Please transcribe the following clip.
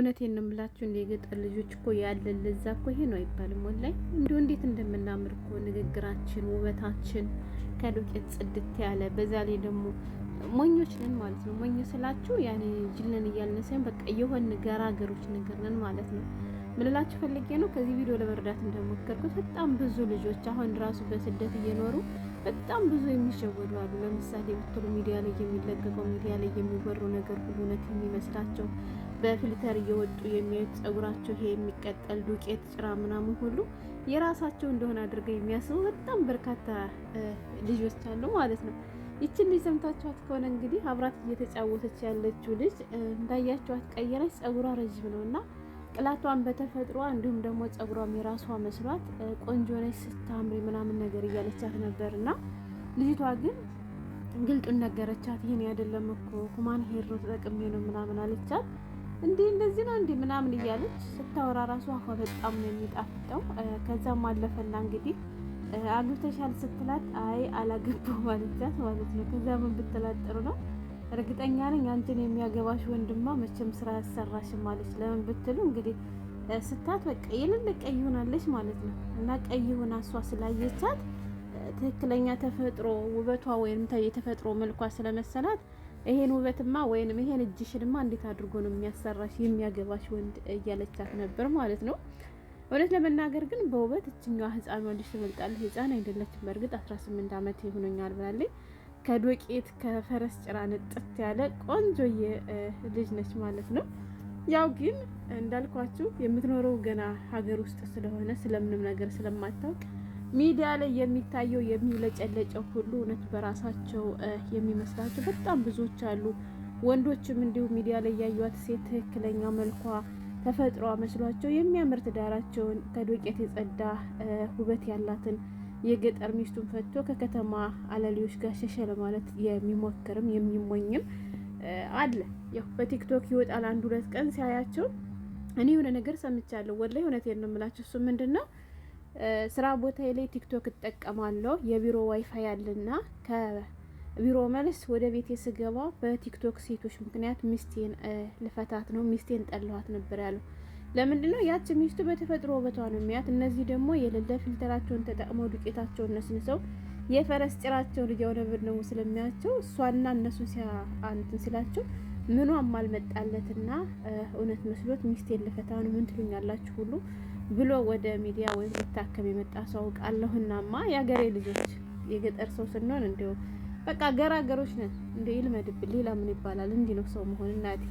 እውነት ነው የምላችሁ። እንደ የገጠር ልጆች እኮ ያለ ለዛ እኮ ይሄ ነው አይባልም። ወላይ እንዲሁ እንዴት እንደምናምር እኮ ንግግራችን፣ ውበታችን ከዱቄት ጽድት ያለ። በዛ ላይ ደግሞ ሞኞች ነን ማለት ነው። ሞኝ ስላችሁ ያኔ ጅልነን እያልን ሳይሆን በቃ የሆን ገራገሮች ነገር ነን ማለት ነው። ምልላችሁ ፈልጌ ነው ከዚህ ቪዲዮ ለመረዳት እንደሞከርኩት በጣም ብዙ ልጆች አሁን ራሱ በስደት እየኖሩ በጣም ብዙ የሚሸወዱ አሉ። ለምሳሌ ብትሉ ሚዲያ ላይ የሚለቀቀው ሚዲያ ላይ የሚወሩ ነገር ሁሉ እውነት የሚመስላቸው በፊልተር እየወጡ የሚያዩት ጸጉራቸው ይሄ የሚቀጠል ዱቄት ጭራ ምናምን ሁሉ የራሳቸው እንደሆነ አድርገው የሚያስቡ በጣም በርካታ ልጆች አሉ ማለት ነው። ይችን ልጅ ሰምታችኋት ከሆነ እንግዲህ አብራት እየተጫወተች ያለችው ልጅ እንዳያችኋት ቀይራች ጸጉሯ ረዥም ነው እና ቅላቷን በተፈጥሯ እንዲሁም ደግሞ ጸጉሯም የራሷ መስሏት ቆንጆ ነች ስታምሪ ምናምን ነገር እያለቻት ነበር እና ልጅቷ ግን ግልጡን ነገረቻት። ይህን ያደለም እኮ ሁማን ሄሮ ተጠቅሜ ነው ምናምን አለቻት። እንዲህ እንደዚህ ነው እንዲህ ምናምን እያለች ስታወራ ራሷ አፏ በጣም ነው የሚጣፍጠው። ከዛም አለፈና እንግዲህ አግብተሻል ስትላት አይ አላገባሁም አለቻት ማለት ነው። ከዛ ምን ብትላጥሩ ነው እርግጠኛ ነኝ አንቺን የሚያገባሽ ወንድማ መቼም ስራ ያሰራሽም አለች። ለምን ብትሉ እንግዲህ ስታት በቃ የሌለ ቀይ ሆናለች ማለት ነው። እና ቀይ ሆና እሷ ስላየቻት ትክክለኛ ተፈጥሮ ውበቷ ወይም የተፈጥሮ መልኳ ስለመሰላት ይሄን ውበትማ ወይንም ይሄን እጅሽንማ እንዴት አድርጎ ነው የሚያሰራሽ የሚያገባሽ ወንድ እያለቻት ነበር ማለት ነው። እውነት ለመናገር ግን በውበት እችኛዋ ህፃን ወንድሽ ትበልጣለች። ህፃን አይደለችም። በእርግጥ 18 ዓመት ይሆነኛል ብላለች። ከዶቄት ከፈረስ ጭራ ንጥት ያለ ቆንጆዬ ልጅ ነች ማለት ነው። ያው ግን እንዳልኳችሁ የምትኖረው ገና ሀገር ውስጥ ስለሆነ ስለምንም ነገር ስለማታውቅ ሚዲያ ላይ የሚታየው የሚውለጨለጨው ሁሉ እውነት በራሳቸው የሚመስላቸው በጣም ብዙዎች አሉ። ወንዶችም እንዲሁ ሚዲያ ላይ ያዩት ሴት ትክክለኛ መልኳ ተፈጥሯ መስሏቸው የሚያምር ትዳራቸውን ከዶቄት የጸዳ ውበት ያላትን የገጠር ሚስቱን ፈቶ ከከተማ አለሌዎች ጋር ሸሸ ለማለት የሚሞክርም የሚሞኝም አለ። ያው በቲክቶክ ይወጣል አንድ ሁለት ቀን ሲያያቸው እኔ የሆነ ነገር ሰምቻለሁ። ወላሂ እውነቴን ነው የምላቸው። እሱ ምንድን ነው ስራ ቦታዬ ላይ ቲክቶክ እጠቀማለሁ። የቢሮ ዋይፋይ ያለና ከቢሮ መልስ ወደ ቤቴ ስገባ በቲክቶክ ሴቶች ምክንያት ሚስቴን ልፈታት ነው፣ ሚስቴን ጠለኋት ነበር ያለው። ለምንድነው ያች ሚስቱ በተፈጥሮ ውበቷ ነው የሚያት። እነዚህ ደግሞ የሌለ ፊልተራቸውን ተጠቅመው ዱቄታቸውን ነስንሰው የፈረስ ጭራቸውን እያውለብን ነው ስለሚያቸው እሷና እነሱን ሲያንትን ስላቸው ምኗም አልመጣለትና እውነት መስሎት ሚስቴ ልፈታ ነው ምን ትሉኛላችሁ ሁሉ ብሎ ወደ ሚዲያ ወይም ሊታከም የመጣ ሰው አውቃለሁናማ የአገሬ ልጆች የገጠር ሰው ስንሆን እንዲሁ በቃ ገራገሮች ነን። እንደ ይልመድብ ሌላ ምን ይባላል? እንዲህ ነው ሰው መሆን እናቴ